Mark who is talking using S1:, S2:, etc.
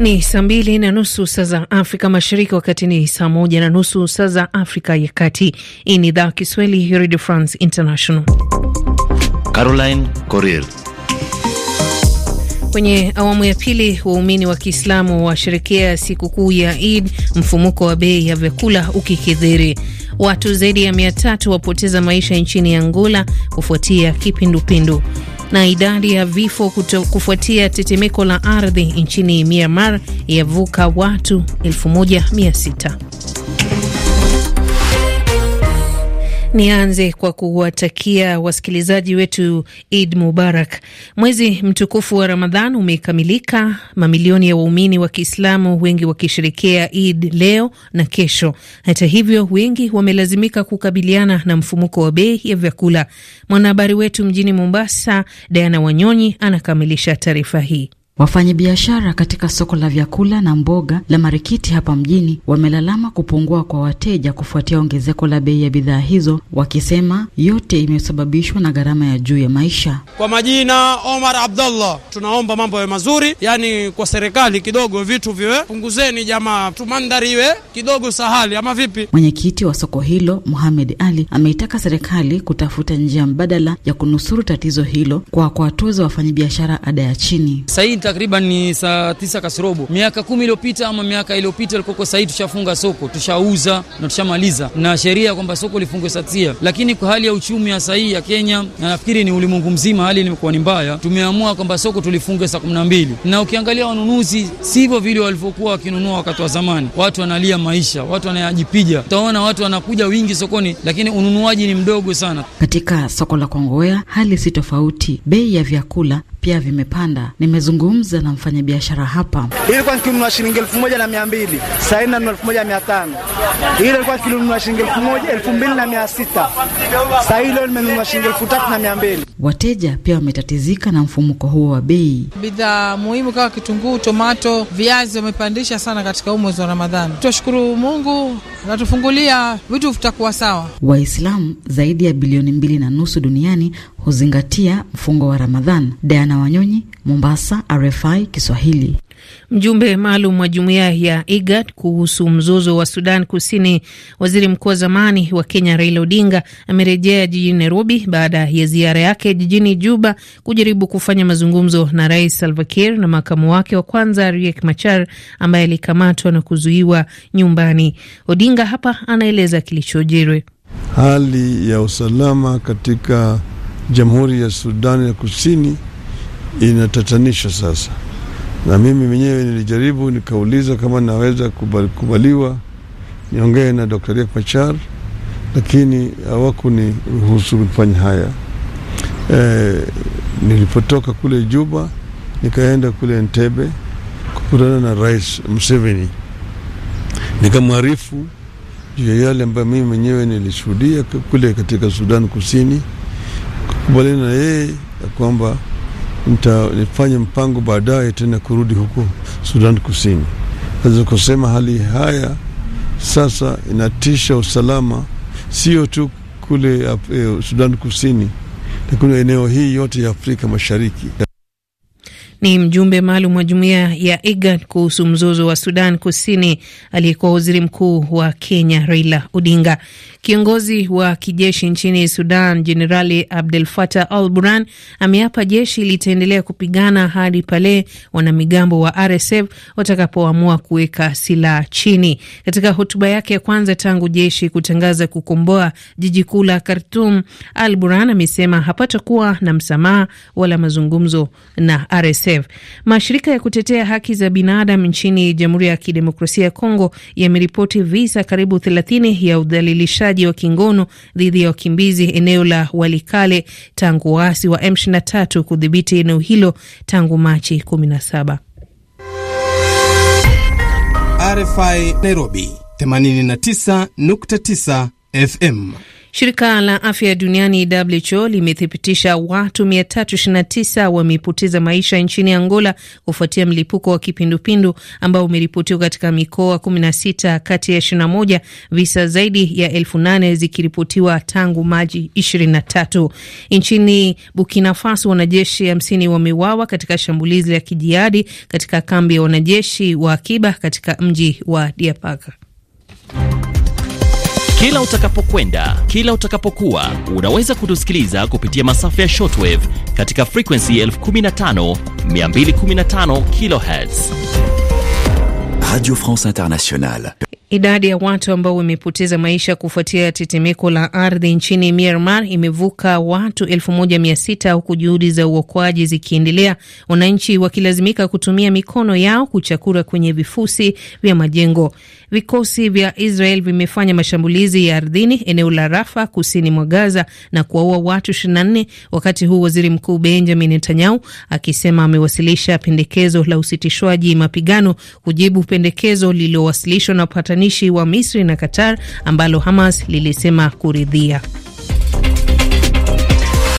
S1: Ni saa mbili na nusu saa za Afrika Mashariki, wakati ni saa moja na nusu saa za Afrika ya Kati. Hii ni idhaa Kiswahili Radio France International.
S2: Caroline Corel
S1: Kwenye awamu ya pili, waumini wa Kiislamu washerekea sikukuu ya id mfumuko wa bei ya vyakula ukikithiri. Watu zaidi ya mia tatu wapoteza maisha nchini Angola kufuatia kipindupindu na idadi ya vifo kuto, kufuatia tetemeko la ardhi nchini Myanmar yavuka watu 1600. Nianze kwa kuwatakia wasikilizaji wetu id Mubarak. Mwezi mtukufu wa Ramadhan umekamilika, mamilioni ya waumini wa Kiislamu, wengi wakisherekea id leo na kesho. Hata hivyo, wengi wamelazimika kukabiliana na mfumuko wa bei ya vyakula. Mwanahabari wetu mjini Mombasa, Diana Wanyonyi, anakamilisha taarifa hii.
S2: Wafanyabiashara katika soko la vyakula na mboga la Marikiti hapa mjini wamelalama kupungua kwa wateja kufuatia ongezeko la bei ya bidhaa hizo, wakisema yote imesababishwa na gharama ya juu ya maisha.
S1: Kwa majina Omar abdullah tunaomba mambo yawe mazuri, yaani kwa serikali kidogo vitu viwe punguzeni, jamaa tumandhari iwe kidogo sahali,
S2: ama vipi? Mwenyekiti wa soko hilo muhamed Ali ameitaka serikali kutafuta njia mbadala ya kunusuru tatizo hilo kwa kuwatoza wafanyabiashara ada ya chini Saita takriban ni saa tisa kasorobo. Miaka kumi iliyopita ama miaka iliyopita ilikuwa sahii, tushafunga soko, tushauza na tushamaliza, na sheria kwamba soko lifungwe saa tisa. Lakini kwa hali ya uchumi ya sahii ya Kenya na nafikiri ni ulimwengu mzima, hali imekuwa ni mbaya. Tumeamua kwamba soko tulifunge saa kumi na mbili, na ukiangalia wanunuzi sivyo vile walivyokuwa wakinunua wakati wa zamani. Watu wanalia maisha, watu wanayajipija. Utaona watu wanakuja wingi sokoni, lakini ununuaji ni mdogo sana. Katika soko la Kongowea hali si tofauti, bei ya vyakula pia vimepanda. Nimezungumza na mfanyabiashara hapa. Ilikuwa nikinunua shilingi elfu moja na mia mbili sasa hivi nanunua elfu moja mia tano ile ilikuwa nikinunua shilingi elfu moja elfu mbili na mia sita sasa hivi leo nimenunua shilingi elfu
S1: tatu na mia mbili
S2: Wateja pia wametatizika na mfumuko huo wa bei.
S1: Bidhaa muhimu kama kitunguu, tomato, viazi wamepandisha sana katika huu mwezi wa Ramadhani. Tunashukuru Mungu natufungulia vitu vitakuwa sawa.
S2: Waislamu zaidi ya bilioni mbili na nusu duniani huzingatia mfungo wa Ramadhan. Diana Wanyonyi, Mombasa, RFI Kiswahili.
S1: Mjumbe maalum wa jumuiya ya IGAD kuhusu mzozo wa Sudan Kusini, waziri mkuu wa zamani wa Kenya Raila Odinga amerejea jijini Nairobi baada ya ziara yake jijini Juba kujaribu kufanya mazungumzo na Rais Salva Kiir na makamu wake wa kwanza Riek Machar ambaye alikamatwa na kuzuiwa nyumbani. Odinga hapa anaeleza kilichojiri.
S3: Hali ya usalama katika Jamhuri ya Sudani ya Kusini inatatanisha sasa, na mimi mwenyewe nilijaribu nikauliza kama naweza kubaliwa niongee na Dr. Riek Machar, lakini hawakuniruhusu kufanya haya. E, nilipotoka kule Juba nikaenda kule ntebe kukutana na Rais Museveni nikamwarifu juu ya yale ambayo mimi mwenyewe nilishuhudia kule katika Sudan Kusini kukubaliana na yeye ya kwamba nifanye mpango baadaye tena kurudi huko Sudan Kusini. Sasa kusema hali haya sasa inatisha usalama sio tu kule eh, Sudan Kusini, lakini eneo hii yote ya Afrika Mashariki.
S1: Ni mjumbe maalum wa jumuiya ya IGAD kuhusu mzozo wa Sudan Kusini, aliyekuwa waziri mkuu wa Kenya Raila Odinga. Kiongozi wa kijeshi nchini Sudan Jenerali Abdel Fattah al Burhan ameapa jeshi litaendelea kupigana hadi pale wanamigambo wa RSF watakapoamua kuweka silaha chini. Katika hotuba yake ya kwanza tangu jeshi kutangaza kukomboa jiji kuu la Khartum, al Burhan amesema hapatakuwa na msamaha wala mazungumzo na RSF. UNICEF. Mashirika ya kutetea haki za binadamu nchini Jamhuri ya Kidemokrasia ya Kongo yameripoti visa karibu 30 ya udhalilishaji wa kingono dhidi ya wakimbizi eneo la Walikale tangu waasi wa M23 kudhibiti eneo hilo tangu Machi 17. RFI Nairobi 89.9 FM. Shirika la afya duniani WHO limethibitisha watu 329 wamepoteza maisha nchini Angola kufuatia mlipuko wa kipindupindu ambao umeripotiwa katika mikoa 16 kati ya 21, visa zaidi ya elfu nane zikiripotiwa tangu Machi 23. Nchini Burkina Faso, wanajeshi 50 wameuawa katika shambulizi la kijiadi katika kambi ya wanajeshi wa akiba katika mji wa Diapaka.
S2: Kila utakapokwenda, kila utakapokuwa, unaweza kutusikiliza kupitia masafa ya shortwave katika frequency 15215 kHz. Radio France Internationale.
S1: Idadi ya watu ambao wamepoteza maisha kufuatia tetemeko la ardhi nchini Myanmar imevuka watu 16 huku juhudi za uokoaji zikiendelea, wananchi wakilazimika kutumia mikono yao kuchakura kwenye vifusi vya majengo. Vikosi vya Israel vimefanya mashambulizi ya ardhini eneo la Rafa kusini mwa Gaza na kuwaua watu 24, wakati huu waziri mkuu Benjamin Netanyahu akisema amewasilisha pendekezo la usitishwaji mapigano kujibu pendekezo lililowasilishwa na upatanishi wa Misri na Qatar ambalo Hamas lilisema kuridhia.